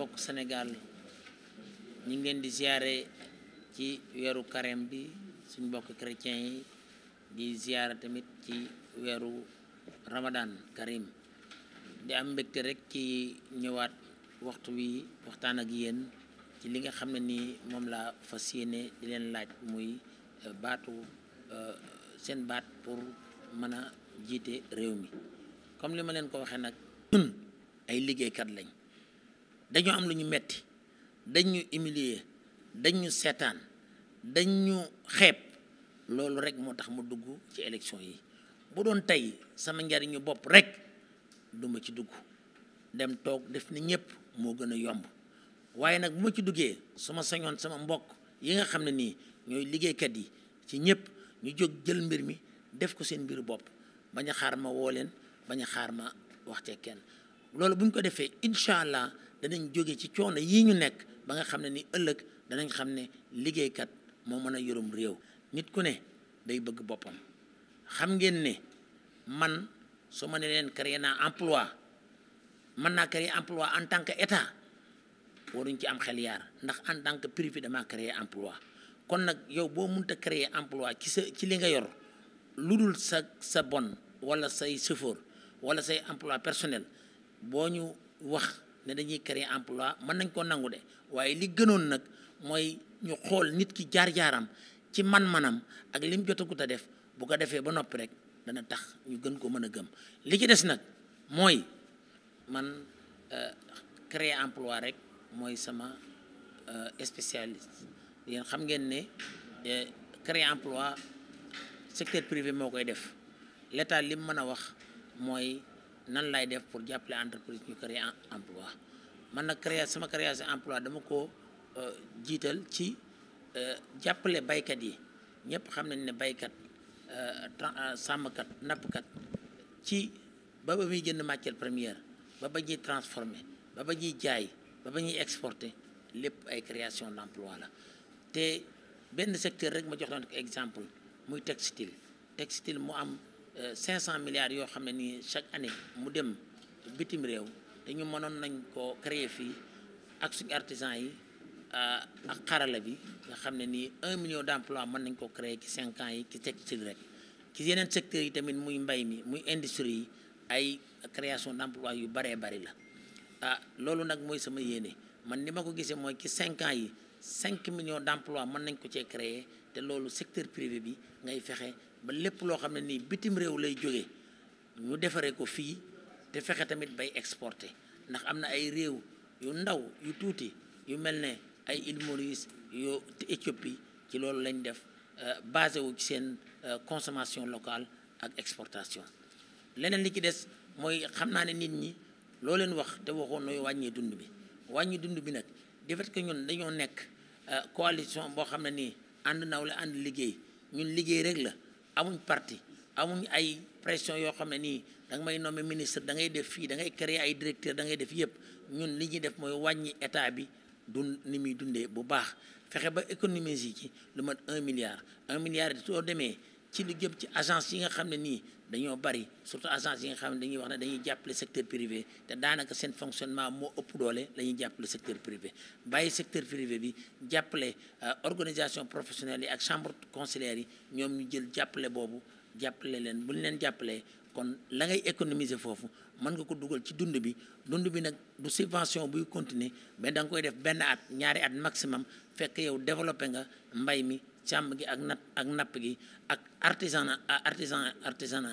mbokk Sénégal ñu ngi di ziare ci weeru carême bi suñ bokk chrétien yi di ziare tamit ci weeru Ramadan Karim di am mbégte rek ci ñëwaat waxtu wi waxtaan ak yéen ci li nga xam ne nii moom laa fas yéene di leen laaj muy euh, baatu euh, seen baat pour mën a jiite réew mi comme li ma leen ko waxee nag ay liggéeykat lañ. dañu am lu ñu metti dañ ñu humilier seetaan dañ ñu xeeb loolu rek moo tax mu dugg ci élection yi bu doon tey sama njariñu bopp rek duma ci dugg dem toog def ni ñëpp moo gën a yomb waaye nag bu ci duggee su ma sañoon sama mbokk yi nga xam ne nii ñooy liggéeykat yi ci ñëpp ñu jóg jël mbir mi def ko seen mbiru bopp bañ a xaar ma woo leen bañ a xaar ma wax cee kenn loolu bu ñu ko defee incha allah danañ jóge ci coono yii ñu nekk ba nga xam ne ni ëllëg danañ xam ne liggéeykat moo mën a yorum réew. nit ku ne day bëgg boppam xam ngeen ne man soo ma ne leen créer naa emploi mën naa créer emploi en tant que état waruñ ci am xel yaar ndax en tant que privé damaa créer emploi kon nag yow boo mënta créer emploi ci sa ci li nga yor lu dul sa sa bon wala say chauffeur wala say emploi personnel. boo ñu wax ne dañuy créer emploi mën nañ koo nangu de waaye li gënoon nag mooy ñu xool nit ki jaar-jaaram ci man-manam ak lim jotagut a def bu ko defee ba noppi rek dana tax ñu gën ko mën a gëm li ci des nag mooy man euh, créer emploi rek mooy sama euh, spécialiste yéen xam ngeen ne euh, créer emploi secteur privé moo koy def l'état lim mën a wax mooy nan lay def pour jàppale entreprise ñu créer emploi man na créer sama création emploi dama ko euh, jiital ci euh, jàppale baykat yi ñëpp xam nañ ne baykat euh, sàmmkat nappkat ci ba ba muy jënd matière première ba ba ñuy transformer ba ba ñuy jaay ba ba ñuy exporter lépp ay création d'emploi la te benn secteur rek ma jox leen exemple muy textile textile mu am cinq cent milliards yoo xam ne nii chaque année mu dem bitim réew te ñu mënoon nañ ko créer fii ak suñu artisan yi euh, ak xarala bi nga xam ne nii un million d'emploi mën nañ koo créer ci cinq ans yi ci textile rek yeneen secteurs yi tamit muy mbay mi muy industrie yi ay création d'emploi yu baree bari la ah loolu nag mooy sama yéene man ni ma ko gisee mooy ci cinq yi cinq millions d'emplois mën nañ ko cee créer te loolu secteur privé bi ngay fexe ba lépp loo xam ne nii bitim réew lay jóge ñu defaree ko fii te fexe tamit bay exporté ndax am na ay réew yu ndaw yu tuuti yu mel ne ay îles Maurice yu Éthiopie ci loolu lañ def euh, basé wu ci seen euh, consommation locale ak exportation leneen li ci des mooy xam naa ne nit ñi loo leen wax te waxoon nooy wàññi dund bi wàññi dund bi nag du fait que ñun dañoo nekk euh, coalition boo xam ne nii ànd nawle ànd liggéey ñun liggéey rek la amuñ parti amuñ ay pression yoo xam ne nii da nga may nommer ministre dangay def fii da ngay créer ay directeur da ngay def yëpp ñun li ñuy def mooy wàññi état bi du ni muy dundee bu baax fexe ba économiser yi ci lu mat un milliard un milliard soo demee ci lu jëm ci agence yi nga xam ne nii dañoo bari surtout agence yi nga xam ne dañuy wax ne dañuy jàppale secteur privé te daanaka seen fonctionnement moo ëpp doole la ñuy jàppale secteur privé bàyyi secteur privé bi jàppale euh, organisation professionnelle yi ak chambre consulaire yi ñoom ñu jël jàppale boobu jàppale leen bu ñu leen jàppalee kon la ngay économiser foofu mën nga ko dugal ci dund bi dund bi nag du subvention buy continuer mais da nga koy def benn at ñaari at maximum fekk yow développé nga mbay mi càmm gi ak nat ak napp gi ak artisan artisan artisan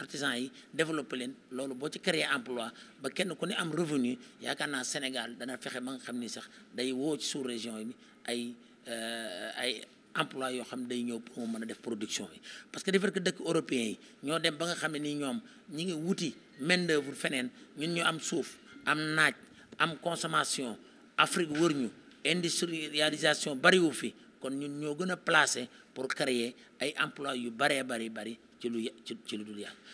artisan yi développé leen loolu boo ci créer emploi ba kenn ku ne am revenu yaakaar naa Sénégal dana fexe ba nga xam ni sax day woo ci sous région yi ay euh, ay emploi yoo xam day ñëw pour mu mën a def production yi parce que defar ko dëkk européen yi ñoo dem ba nga xam ne ni ñoom ñi ngi wuti main d'œuvre feneen ñun ñu am suuf am naaj am consommation Afrique wër ñu industrialisation bariwu fi kon ñun ñoo gën a placé pour créer ay emploi yu baree bari bari ci lu ci lu dul yàlla